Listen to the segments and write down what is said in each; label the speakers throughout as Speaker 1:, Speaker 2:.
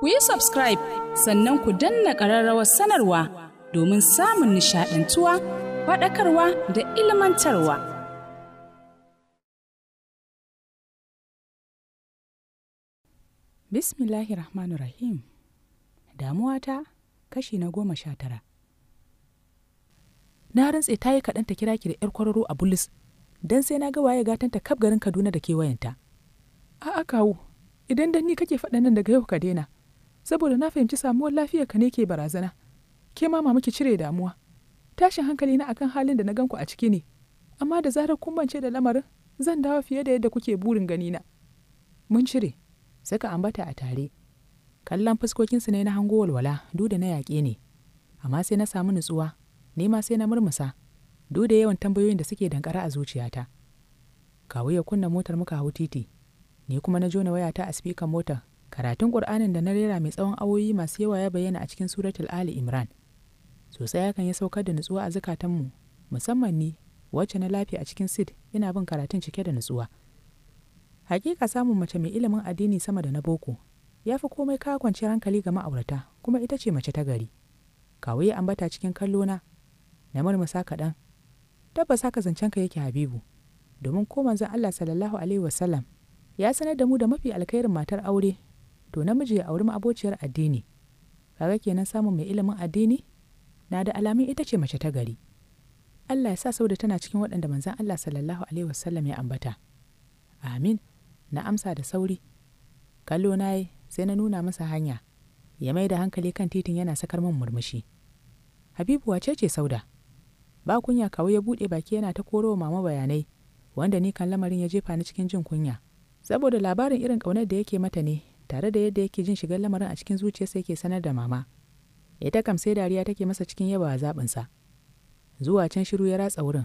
Speaker 1: ku yi subscribe sannan ku danna ƙararrawar sanarwa domin samun nishaɗantuwa faɗakarwa da ilmantarwa. Bismillahir Rahmanir Rahim Damuwata kashi na goma sha tara. Na rantse ta yi kaɗan ta kira ki da 'yar kwararo a Bulus, don sai na ga waye gatanta kaf garin Kaduna da kewayenta. A'a kawo, idan dan ni kake faɗa nan daga yau ka daina. saboda na fahimci samuwar lafiyar ka ne ke barazana ke ma mama ki cire damuwa tashin hankali na akan halin da na ganku a ciki ne amma da zarar kun bance da lamarin zan dawo fiye da yadda kuke burin gani na mun cire ka ambata a tare kallon fuskokinsu ne na hango walwala duk da na yaƙe ne amma sai na samu nutsuwa ni ma sai na murmusa duk da yawan tambayoyin da suke dankara a zuciyata kawu ya kunna motar muka hau titi ni kuma na jona wayata a sifikan motar karatun ƙur'anin da na rera mai tsawon awoyi masu yawa ya bayyana a cikin suratul ali imran sosai hakan ya saukar da nutsuwa a zukatanmu musamman ni wacce na lafiya a cikin sid ina bin karatun cike da nutsuwa hakika samun mace mai ilimin addini sama da na boko ya fi komai ka kwanci hankali ga ma'aurata kuma ita ce mace ta gari Kawai ya ambata cikin kallo na murmusa kaɗan tabbas haka ka yake habibu domin ko manzon allah sallallahu alaihi wasallam ya sanar da mu da mafi alkhairin matar aure to namiji ya auri abociyar addini kaga kenan samun mai ilimin addini na da alamun ita ce mace ta gari Allah ya sa da tana cikin waɗanda manzan Allah sallallahu alaihi wasallam ya ambata amin na amsa da sauri kallo na yi sai na nuna masa hanya ya mai da hankali kan titin yana sakar min murmushi habibu wace ce sauda ba kunya kawo ya buɗe baki yana ta korowa mama bayanai wanda ni kan lamarin ya jefa ni cikin jin kunya saboda labarin irin ƙaunar da yake mata ne tare da yadda yake jin shigar lamarin a cikin zuciyarsa yake sanar da mama ita kam sai dariya take masa cikin yabawa zaɓinsa zuwa can shiru ya ratsa wurin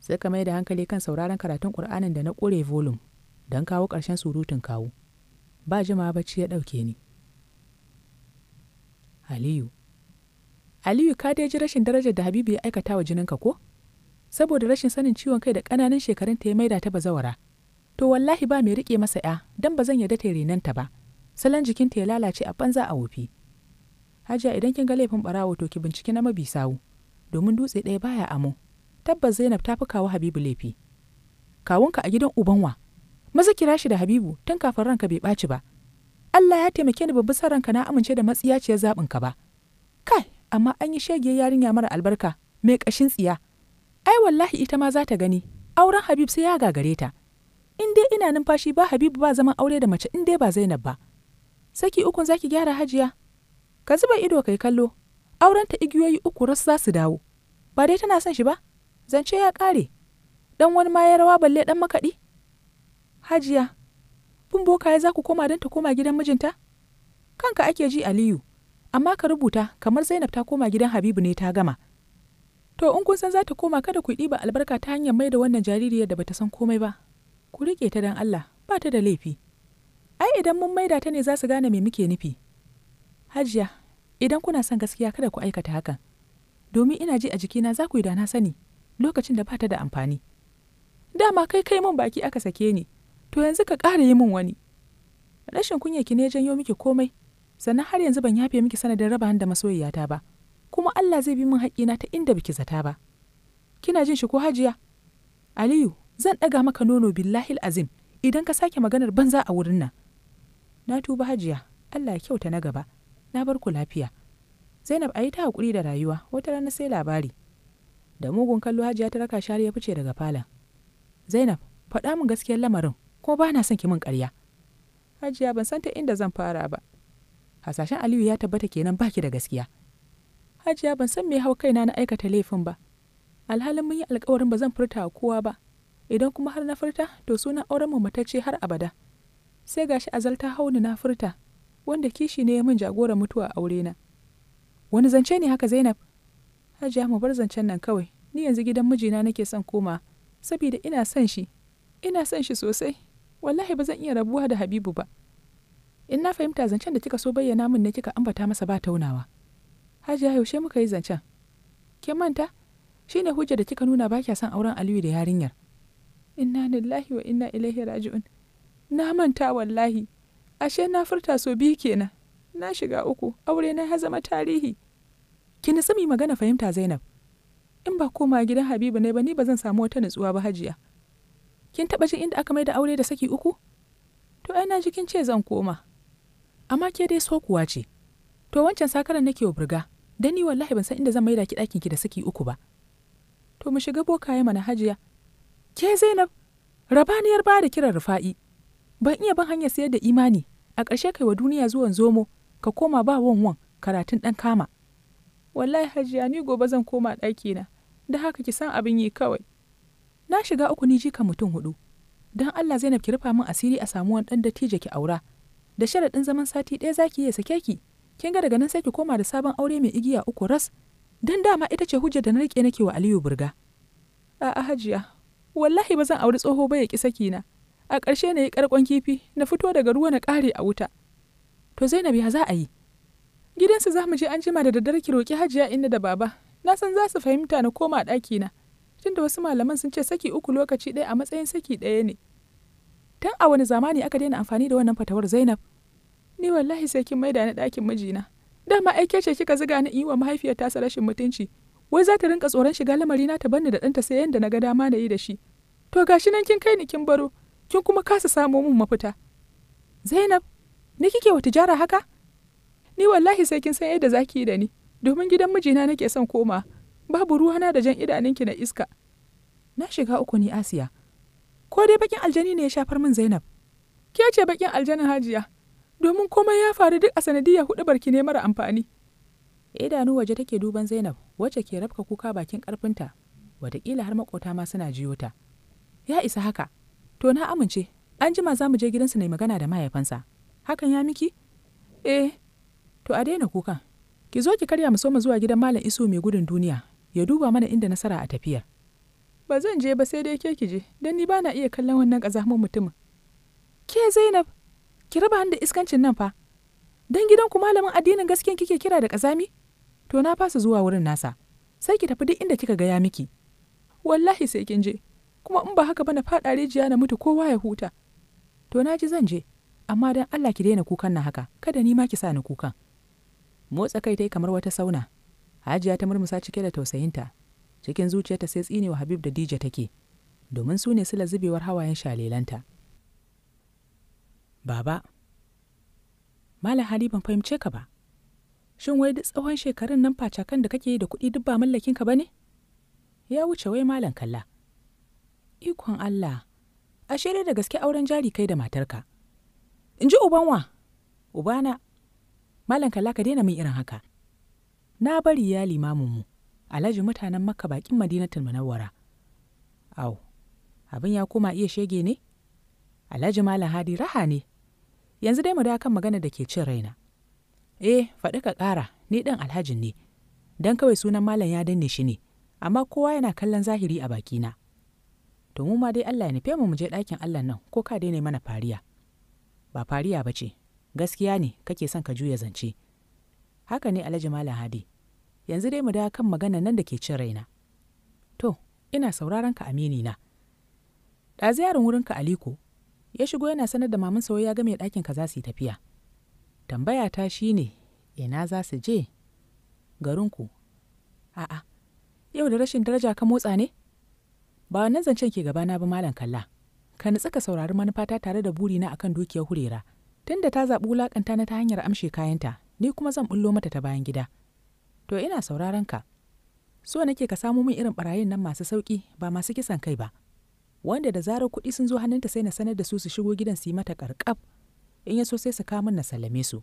Speaker 1: sai ka mai da hankali kan sauraron karatun ƙur'anin da na ƙure volum don kawo ƙarshen surutun kawo ba jimawa bacci ya ɗauke ni aliyu aliyu ka dai ji rashin darajar da habibu ya aikata wa jininka ko saboda rashin sanin ciwon kai da ƙananan shekarun ta ya maida ta bazawara to wallahi ba mai riƙe masa ya don ba zan yarda ta renanta ba salon jikinta ya lalace a banza a wofi hajiya idan kin ga laifin barawo to ki binciki na mabi sawu domin dutse ɗaya baya amo tabbas zainab ta fi kawo habibu laifi kawunka a gidan ubanwa maza kira shi da habibu tun kafin ranka bai ɓaci ba allah ya taimake ni babbi ranka na amince da matsiyaciyar zaɓin ka ba kai amma an yi shege yarinya mara albarka mai ƙashin tsiya ai wallahi ita ma za ta gani auren habib sai ya gagare ta in dai ina numfashi ba habibu ba zaman aure da mace in dai ba zainab ba saki ukun zaki gyara hajiya ka zuba ido kai kallo aurenta igiyoyi uku rasu za su dawo ba dai tana son shi ba zance ya kare. dan wani ma ya rawa balle dan makaɗi hajiya bin ya za ku koma don ta koma gidan mijinta kanka ake ji aliyu amma ka rubuta kamar zainab ta koma gidan habibu ne ta gama to in kun san za ta koma kada ku ɗiba albarka ta hanyar mai da wannan jaririyar da bata san komai ba ku riƙe ta don allah ba ta da laifi ai idan mun maida ta ne za su gane me muke nufi hajiya idan kuna son gaskiya kada ku aikata hakan domin ina ji a jikina za ku yi da na sani lokacin da ba ta da amfani dama kai kai mun baki aka sake ni to yanzu ka ƙara yi mun wani rashin kunya ki ne janyo miki komai sannan har yanzu ban yafe miki sanadin raba da masoyiyata ba kuma Allah zai bi min haƙƙina ta inda biki zata ba kina jin shi ko hajiya Aliyu zan ɗaga maka nono billahi azim idan ka sake maganar banza a wurin nan na tuba hajiya allah kyauta na gaba na bar ku lafiya zainab a yi ta haƙuri da rayuwa wata rana sai labari da mugun kallo hajiya ta raka shari ya fice daga falon zainab faɗa min gaskiyar lamarin kuma ba na son ki min karya. hajiya ban san ta inda zan fara ba hasashen aliyu ya tabbata kenan baki da gaskiya hajiya ban san me hau kaina na aikata laifin ba alhalin mun yi alkawarin ba zan furta kowa ba idan kuma har na furta to sunan auren mu matacce har abada sai gashi azal ta hauni na furta wanda kishi ne ya min jagoran mutuwa a aure na wani zance ne haka zainab hajiya mu bar zancen nan kawai ni yanzu gidan mijina nake son koma saboda ina son shi ina son shi sosai wallahi ba zan iya rabuwa da habibu ba in na fahimta zancen da kika so bayyana min ne kika ambata masa ba taunawa hajiya yaushe muka yi zancen kin manta Shi ne hujja da kika nuna ba kya son auren aliyu da yarinyar inna lillahi wa inna ilaihi raji'un Na manta wallahi, ashe na furta so biyu kenan. Na shiga uku, aure na ya zama tarihi. Ki nutsu sami magana fahimta Zainab. In ba koma gidan Habibu ne ba ni ba zan samu wata nutsuwa ba hajiya. Kin taba jin inda aka mai da aure da saki uku? To ai na ji kin ce zan koma. Amma ke dai so kuwa ce. To wancan sakaran nake wa burga, dan ni wallahi ban san inda zan maida ki ɗakin ki da saki uku ba. To mu shiga bokaye mana hajiya. Ke Zainab, rabaniyar ba da kiran rufa'i. ban iya ban hanyar sayar da imani a ƙarshe kai wa duniya zuwan zomo ka koma ba wanwan karatun ɗan kama wallahi hajiya ni gobe zan koma ɗaki na da haka ki san abin yi kawai na shiga uku ni jika mutum hudu don allah zainab ki rufa min asiri a samu wani ɗan dattijo ki aura da sharaɗin zaman sati ɗaya za ki iya sake ki kin ga daga nan sai ki koma da sabon aure mai igiya uku ras don dama ita ce hujjar da na rike nake wa aliyu burga a'a hajiya wallahi ba zan auri tsoho ba ya ƙi sakina a ƙarshe na yi ƙarƙon kifi na fito daga ruwa na ƙare a wuta to zainab ya za a yi gidansu za mu je an jima da daddare ki roƙi hajiya inda da baba na san za su fahimta na koma ɗaki na. tunda wasu malaman sun ce saki uku lokaci ɗaya a matsayin saki ɗaya ne tun a wani zamani aka daina amfani da wannan fatawar zainab ni wallahi sai kin maida ni ɗakin mijina dama aike ce kika ziga ni yi wa mahaifiyar su rashin mutunci wai za ta rinka tsoron shiga lamari na ta banni da ɗanta sai yanda na ga dama na yi da shi to gashi nan kin kai ni kin baro kin kuma kasa samo min mafita zainab ni kike wa tijara haka ni wallahi sai kin san yadda zaki yi da ni domin gidan mijina nake son koma babu ruwa na da jan idanunki na iska na shiga uku ni asiya ko dai bakin aljani ne ya shafar min zainab ke ce bakin aljanin hajiya domin komai ya faru duk a sanadiyar hudu, barki ne mara amfani idanu waje take duban zainab wacce ke rafka kuka bakin karfinta wataƙila har makota ma suna jiyo ta ya isa haka to na amince an jima za mu je gidansa ne magana da mahaifansa hakan ya miki eh to a daina kuka ki zo ki karya mu soma zuwa gidan malam isu mai gudun duniya ya duba mana inda nasara a tafiyar ba zan je ba sai dai ke ki je don ni bana iya kallon wannan ƙazamin mutumin ke zainab ki raba da iskancin nan fa don gidan ku malamin addinin gaskiyan kike kira da ƙazami to na fasa zuwa wurin nasa sai ki tafi duk inda kika ga ya miki wallahi sai kin je kuma in ba haka ba na faɗa rijiya na mutu kowa ya huta to na ji zan je amma dan Allah ki daina kukan na haka kada ni ma ki sa ni kukan motsa kai tai kamar wata sauna hajiya ta murmusa cike da tausayinta cikin zuciyarta sai tsine wa habib da dija take domin su ne sila zubewar hawayen shalelanta baba malam hali ban fahimce ka ba shin wai duk tsawon shekarun nan facakan da kake yi da kuɗi duk ba mallakin ka bane ya wuce wai malam kalla Ikon Allah, A dai da gaske auren jari kai da matarka. In ji ubanwa, ubana, malam kala ka daina min irin haka. Na bari ya limaminmu, alhaji mutanen makka bakin madinatul munawwara. Au, abin ya koma iya shege ne? Alhaji malam hadi raha ne. Yanzu dai mu da kan magana da ke cin raina. Eh, faɗi ka ƙara, ni ɗan alhajin ne. Don kawai sunan malam ya danne shi ne, amma kowa yana kallon zahiri a bakina. to mu ma dai Allah ya nufe mu mu je ɗakin Allah nan ko ka daina mana fariya ba fariya ba ce gaskiya ne kake son ka juya zance haka ne alhaji malam hadi yanzu dai mu dawo kan magana nan da ke cin raina to ina sauraron ka amini na ɗazu yaron wurin ka aliko ya shigo yana sanar da maman sauye ya ga me ɗakin ka za su yi tafiya tambaya ta ne. ina za su je garinku a'a yau da rashin daraja ka motsa ne ba wannan zancen ke gabana ba malam kalla ka nutsa ka saurari manufata tare da burina kan dukiyar hurera tunda ta zaɓi wulaƙanta na ta hanyar amshe kayanta ni kuma zan bullo mata ta bayan gida to ina sauraron ka so nake ka samo min irin barayin nan masu sauki ba masu kisan kai ba wanda da zarar kuɗi sun zo hannunta sai na sanar da su su shigo gidan su yi mata ƙarƙaf in ya so sai su kamun na sallame su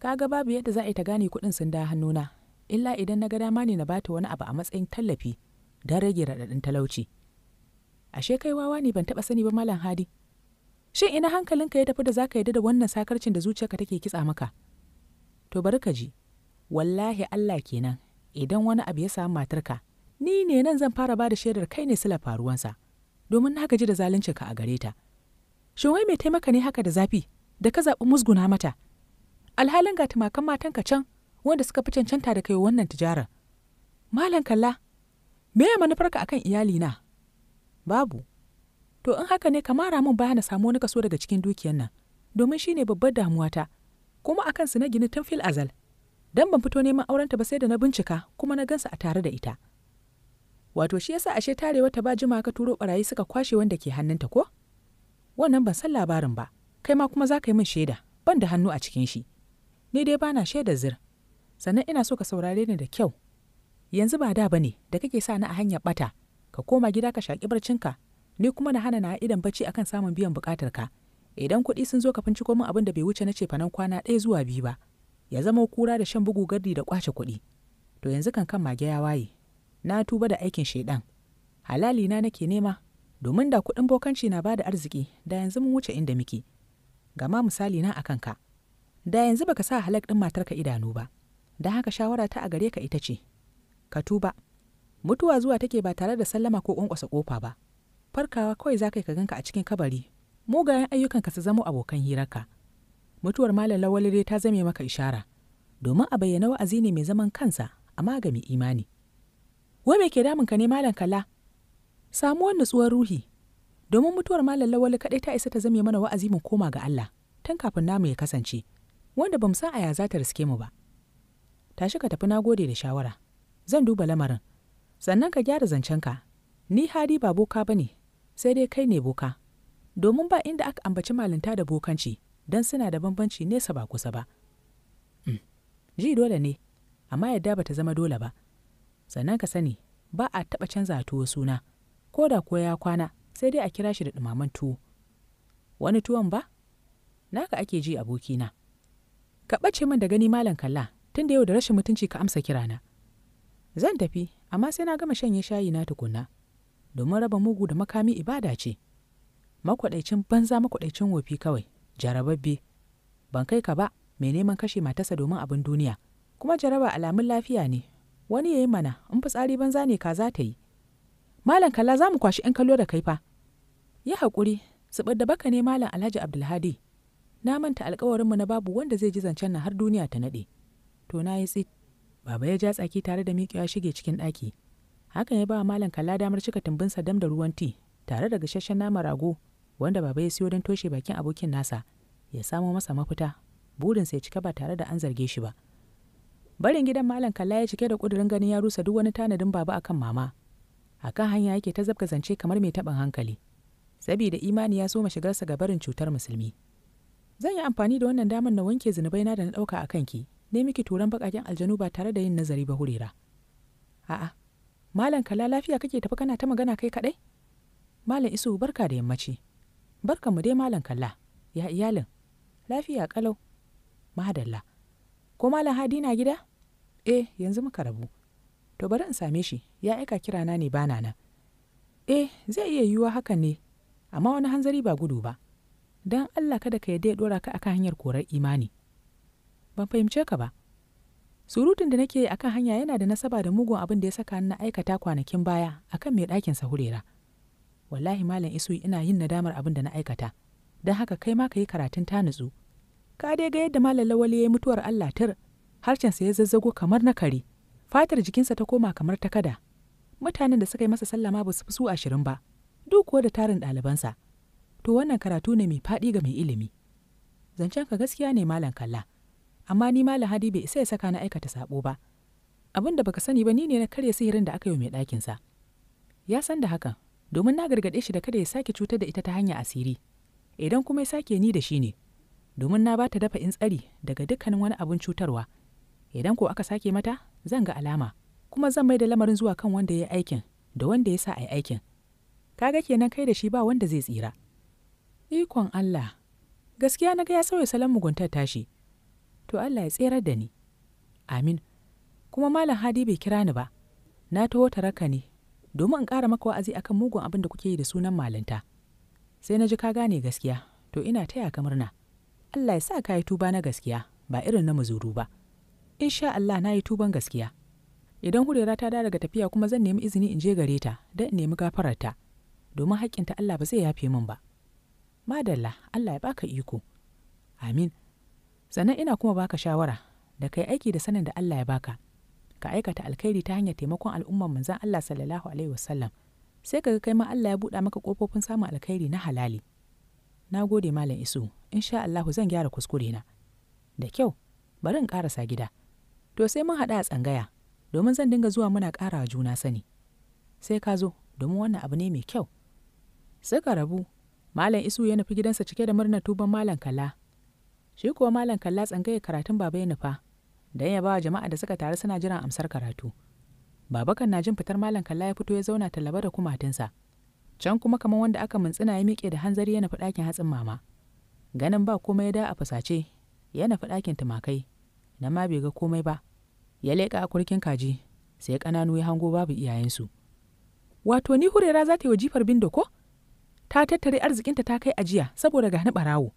Speaker 1: Ka ga babu yadda za a yi ta gane kuɗin sun da hannuna illa idan na ga dama ne na bata wani abu a matsayin tallafi don rage raɗaɗin talauci ashe kai wawa ne ban taɓa sani ba malam hadi shin ina hankalinka ya tafi da zaka yadda da wannan sakarcin da zuciyarka take kitsa maka to bari ka ji wallahi Allah kenan idan wani abu ya samu matarka ni ne nan zan fara ba da shaidar kai ne sila faruwansa domin na gaji da ka a gare ta shin wai mai taimaka ne haka da zafi da ka zaɓi musguna mata alhalin ga tumakan ka can wanda suka fi cancanta da kai wannan tijarar malam kalla me ya manufarka akan iyali na. babu to in haka ne ka mara min baya na samu wani kaso daga cikin dukiyar nan domin shi ne babbar damuwata kuma akan su na gini tun fil azal dan ban fito neman aurenta ba sai da na bincika kuma na gansa a tare da ita wato shi yasa ashe tarewa ta ba jima ka turo barayi suka kwashe wanda ke hannunta ko wannan ban san labarin ba kai ma kuma za ka yi min shaida ban da hannu a cikin shi ni dai bana shaida zir sannan ina so ka saurare ni da kyau yanzu ba da ba ne da kake sa ni a hanyar bata ka koma gida ka shaƙi barcinka ni kuma na hana na idan bacci akan samun biyan buƙatar ka idan kuɗi sun zo ka ciko min abin da bai wuce na ce fanan kwana ɗaya zuwa biyu ba ya zama kura da shan bugu gardi da kwace kuɗi to yanzu kan kan mage ya waye na tuba da aikin shaidan halali na nake nema domin da kuɗin bokanci na bada arziki da yanzu mun wuce inda muke gama misali na akan ka da yanzu baka sa halak ɗin ka idanu ba da haka shawara ta a gare ka ita ce ka tuba mutuwa zuwa take ba tare da sallama ko ƙwanƙwasa ƙofa ba farkawa kawai za ka ka ganka a cikin kabari mugayen ayyukan ka su zamo abokan hirarka mutuwar malam lawali dai ta zame maka ishara domin a bayyana wa'azi ne mai zaman kansa amma ga imani wai me ke damun ka ne malam kala samuwar nutsuwar ruhi domin mutuwar malam lawali kaɗai ta isa ta zame mana wa'azi mu koma ga Allah tun kafin namu ya kasance wanda bamu san a ya za ta riske mu ba tashi ka tafi na gode da shawara zan duba lamarin sannan ka gyara zancenka ni hadi ba boka ba ne sai dai kai ne boka domin ba inda aka ambaci malinta da bokanci don suna da bambanci nesa ba kusa ba mm. ji dole ne amma yadda ba ta zama dole ba sannan ka sani ba a taɓa canza tuwo suna ko da ko ya kwana sai dai a kira shi da ɗumaman tuwo wani tuwon ba naka ake ji abokina ka ɓace min da gani malam kalla tun da yau da rashin mutunci ka amsa kirana zan tafi amma sai na gama shanye shayi na tukuna domin raba mugu da makami ibada ce makwaɗaicin banza makwaɗaicin wofi kawai jarababbe ban kai ka ba mai neman kashe matasa domin abin duniya kuma jaraba alamun lafiya ne wani ya yi mana in fitsari banza ne ka za ta yi malam kalla za mu kwashi 'yan kallo da kai fa yi haƙuri tsibar da baka ne malam alhaji abdulhadi na manta alkawarinmu na babu wanda zai ji zancen na har duniya ta naɗe to na yi tsit Baba ya ja tsaki tare da miƙewa shige cikin ɗaki. Hakan ya ba wa Malam Kalla damar cika tumbinsa dam da ruwan ti tare da gasasshen nama rago wanda baba ya siyo don toshe bakin abokin nasa ya samo masa mafita burinsa ya cika ba tare da an zarge shi ba. Barin gidan Malam Kalla ya cike da ƙudurin ganin ya rusa duk wani tanadin baba akan mama. Akan hanya yake ta zabga zance kamar mai taɓin hankali. Sabida imani ya soma shigarsa ga barin cutar musulmi. Zan yi amfani da wannan damar na wanke na da na ɗauka a kanki, ne miki turan bakaken aljanu ba tare da yin nazari ba hurera a'a malam kala lafiya kake tafi kana ta magana kai kadai malam isu barka da yammaci barka mu dai malam kalla ya iyalin lafiya kalau madalla ko malam hadi na gida eh yanzu muka rabu to bari in same shi ya aika kirana ne bana nan eh zai iya yiwuwa hakan ne amma wani hanzari ba gudu ba don allah kada ka yadda ya dora ka akan hanyar korar imani ban fahimce ka ba surutun da nake akan hanya yana da nasaba da mugun abin da ya saka na aikata kwanakin baya akan mai ɗakin hurera. wallahi malam isu ina yin nadamar abin da na aikata don haka kai ma ka yi karatun ta nutsu ka dai ga yadda malam lawali ya yi mutuwar allah tar sa ya zazzago kamar na kare fatar jikinsa ta koma kamar ta kada mutanen da suka yi masa sallama ba su fi su ashirin ba duk kuwa da tarin ɗalibansa to wannan karatu ne mai faɗi ga mai ilimi zancen ka gaskiya ne malam kalla amma ni ma lahadi bai isa ya saka na aikata sabo ba abin da baka sani ba ni ne na karya sihirin da aka yi mai ɗakinsa ya san da hakan domin na gargaɗe shi da kada ya sake cutar da ita ta hanyar asiri idan kuma ya sake ni da shi ne domin na ba ta dafa in tsari daga dukkanin wani abin cutarwa idan ko aka sake mata zan ga alama kuma zan mai da lamarin zuwa kan wanda ya yi aikin da wanda ya sa a yi aikin kaga kenan kai da shi ba wanda zai tsira ikon Allah gaskiya na ga ya sauya salon muguntar tashi to Allah ya tsere da ni amin kuma malam hadi bai kira ni ba na taho taraka ne domin in ƙara maka wa'azi akan mugun abin da kuke yi da sunan malinta sai na ji ka gane gaskiya to ina taya ka murna Allah ya sa ka yi tuba na gaskiya ba irin na muzuru ba insha Allah na yi tuban gaskiya idan hurera ta dawo daga tafiya kuma zan nemi izini in je gare ta don in nemi gafararta domin haƙƙinta Allah ba zai yafe min ba madalla Allah ya baka iko amin sannan ina kuma baka shawara da kai aiki da sanin da Allah ya baka ka aikata alkhairi ta hanyar taimakon al'umman manzan Allah sallallahu alaihi wasallam sai kaga kai ma Allah ya buɗa maka kofofin samun alkhairi na halali na gode malam isu insha Allah zan gyara kuskure na da kyau bari in karasa gida to sai mun haɗa a tsangaya domin zan dinga zuwa muna ƙara wa juna sani sai ka zo domin wannan abu ne mai kyau suka rabu malam isu ya nufi gidansa cike da murnar tuban malam kala shi kuwa malam kalla tsangaya karatun baba ya nufa don ya bawa jama'a da suka taru suna jiran amsar karatu baba kan na jin fitar malam kalla ya fito ya zauna talaba da kumatinsa can kuma kamar wanda aka mintsina ya miƙe da hanzari ya nufi ɗakin hatsin mama ganin ba komai da a fasace ya nufi ɗakin tumakai na ma bai ga komai ba ya leƙa a kurkin kaji sai ƙananu ya hango babu iyayensu wato ni hurera za ta yi wa jifar bindo ko ta tattare arzikinta ta kai ajiya saboda gani barawo.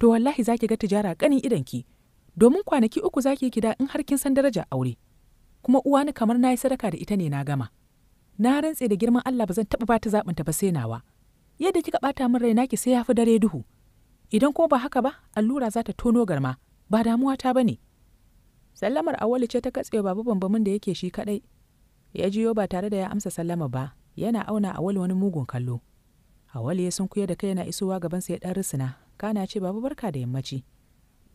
Speaker 1: to wallahi zaki ga tijara kanin idanki domin kwanaki uku zaki yi kida in har kin san daraja aure kuma uwani kamar na yi sadaka da ita ne na gama na rantse da girman Allah ba zan taɓa bata zaɓin ta ba sai nawa yadda kika ɓata min raina ki sai yafi dare duhu idan ko ba haka ba allura za ta tono garma ba damuwa ta bane sallamar awali ce ta katse babu bambamin da yake shi kaɗai. ya jiyo ba tare da ya amsa sallama ba yana auna awali wani mugun kallo awali ya sunkuya da kai yana isowa gaban gabansa ya dan risina kana ce babu barka da yammaci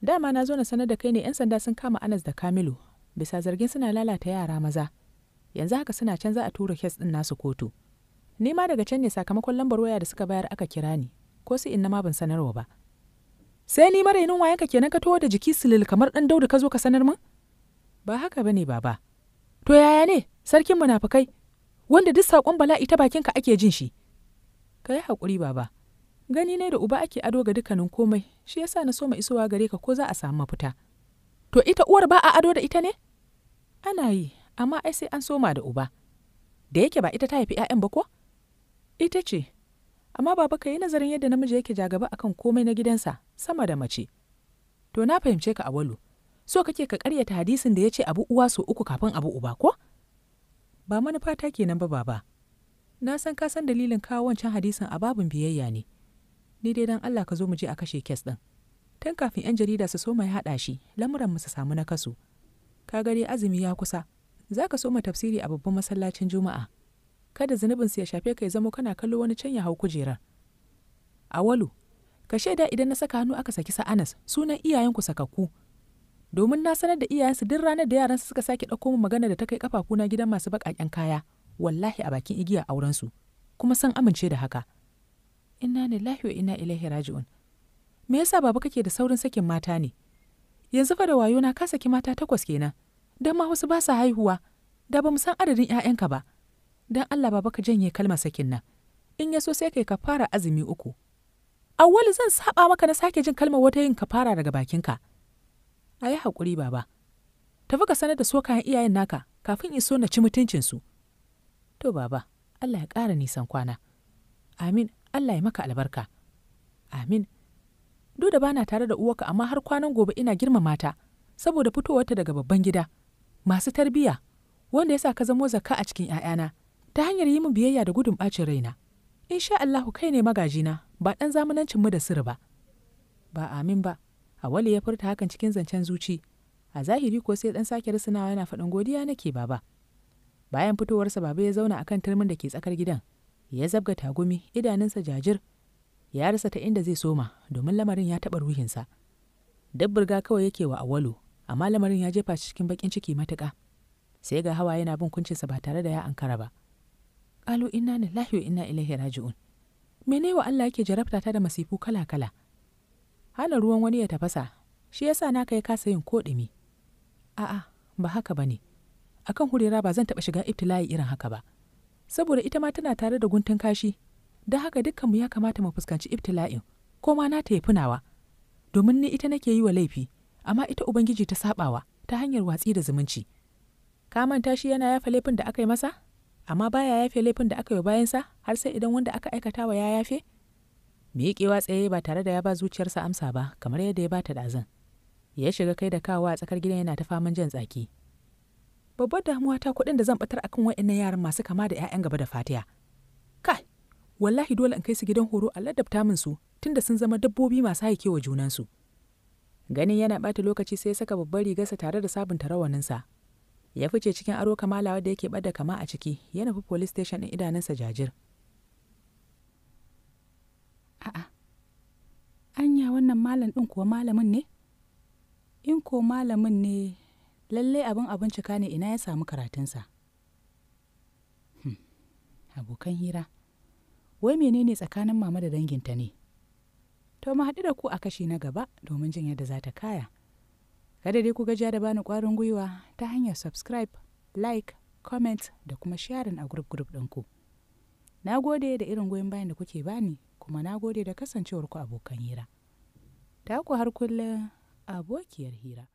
Speaker 1: dama na zo na sanar da kai ne 'yan sanda sun kama anas da kamilu bisa zargin suna lalata yara maza yanzu haka suna can za a tura kes din nasu kotu ni ma daga can ne sakamakon lambar waya da suka bayar aka kira ni ko su inna ma ban sanarwa ba sai ni marainin wayan ka kenan ka towo da jiki silil kamar dan daudu ka zo ka sanar min ba haka bane baba to yaya ne sarkin munafukai wanda duk saƙon bala'i ta bakinka ake jin shi ka yi haƙuri baba gani ne da uba ake ado ga dukkanin komai shi yasa na so ma isowa gare ka ko za a samu mafita to ita uwar ba a ado da ita ne ana yi amma ai sai an soma da uba da yake ba ita ta haifi 'ya'yan ba ko ita ce amma baba ka yi nazarin yadda namiji yake jagaba akan komai na gidansa sama da mace to na fahimce ka awalu so kake ka karyata hadisin da ya ce abu uwa so uku kafin abu uba ko ba manufa ta kenan ba baba na san ka san dalilin kawo wancan hadisin a babin biyayya ne ni dai dan Allah ka zo mu je a kashe kes ɗin tun kafin 'yan jarida su so ya haɗa shi lamuran mu su samu na kasu ka gare azumi ya kusa za ka soma tafsiri a babban masallacin juma'a kada zunubin su ya shafe ka ya zama kana kallo wani can ya hau kujerar awalu ka shaida idan na saka hannu aka saki sa anas sunan iyayenku sakakku domin na sanar da iyayensu duk ranar da yaransu suka sake ɗauko mu magana da ta kai kafafuna gidan masu baƙaƙen kaya wallahi a bakin igiya aurensu kuma san amince da haka inna lillahi wa inna ilaihi raji'un me yasa baba kake da saurin sakin mata ne yanzu fa da wayo na ka saki mata takwas kenan dan ma wasu ba sa haihuwa da bamu san adadin 'ya'yanka ba dan Allah baba ka janye kalmar sakin nan in ya so sai kai ka fara azumi uku awwal zan saba maka na sake jin kalmar wata yin ka fara daga bakinka a yi haƙuri baba tafi ka sanar da so kayan iyayen naka kafin in so na ci mutuncin su to baba Allah ya ƙara nisan kwana amin Allah ya maka albarka amin duk da bana tare da uwaka amma har kwanan gobe ina girmama mata saboda fitowarta daga babban gida masu tarbiyya wanda ya sa ka zamo zakka a cikin 'ya'yana ta hanyar yi min biyayya da gudun ɓacin raina In sha Allahu kai ne magajina ba ɗan zamanancin mu da sir ba ba amin ba Awali ya furta hakan cikin zancen zuci a zahiri ko sai ɗan sake risinawa yana faɗin godiya nake baba bayan fitowarsa baba ya zauna akan turmin da ke tsakar gidan ya zabga tagumi idanunsa jajir ya rasa ta inda zai soma domin lamarin ya taɓa ruhinsa burga kawai yake wa awalo amma lamarin ya jefa cikin bakin ciki matuƙa sai ga hawa yana bin kuncinsa ba tare da ya ankara ba ƙalu inna lillahi wa inna ilaihi raji'un mene wa Allah yake jarabta ta da masifu kala-kala hana ruwan wani ya tafasa shi yasa naka ya kasa yin ko ɗumi a'a ba haka ba ne akan hurera ba zan taɓa shiga ibtila'i irin haka ba saboda ita ma tana tare da guntun kashi da haka dukkanmu ya kamata mu fuskanci ibtila'in ko ma nata ya funawa domin ni ita nake yi wa laifi amma ita ubangiji ta sabawa ta hanyar watsi da zumunci ka manta shi yana yafe laifin da aka yi masa amma baya yafe laifin da aka yi bayansa har sai idan wanda aka aikata wa ya yafe miƙewa tsaye ba tare da ya ba zuciyarsa amsa ba kamar yadda ya bata dazan ya shiga kai da kawa a tsakar gidan yana ta faman jan tsaki babbar damuwa ta kuɗin da zan batar akan wa'annan yaran masu kama da 'ya'yan gaba da fatiya kai wallahi dole in kai su gidan horo a ladabta min su tunda sun zama dabbobi masu haike wa junansu ganin yana ɓata lokaci sai ya saka babbar rigarsa tare da sabunta rawaninsa ya fice cikin aro kamalawa da yake bada kama a ciki yana fi police station ɗin idanunsa jajir a'a anya wannan malam ɗin kuwa malamin ne in ko malamin ne lallai abin abin cika ne ina ya samu karatunsa hmm, abokan hira wai menene tsakanin mama da danginta ne to mu haɗu da ku a kashi na gaba domin jin yadda za ta kaya kada dai ku gajiya da bani ƙwarin gwiwa ta hanyar subscribe like comment da kuma sharing a group group ɗinku na gode da irin goyon bayan da kuke bani kuma na gode da kasancewar kasancewarku abokan hira ta ku har kullum abokiyar hira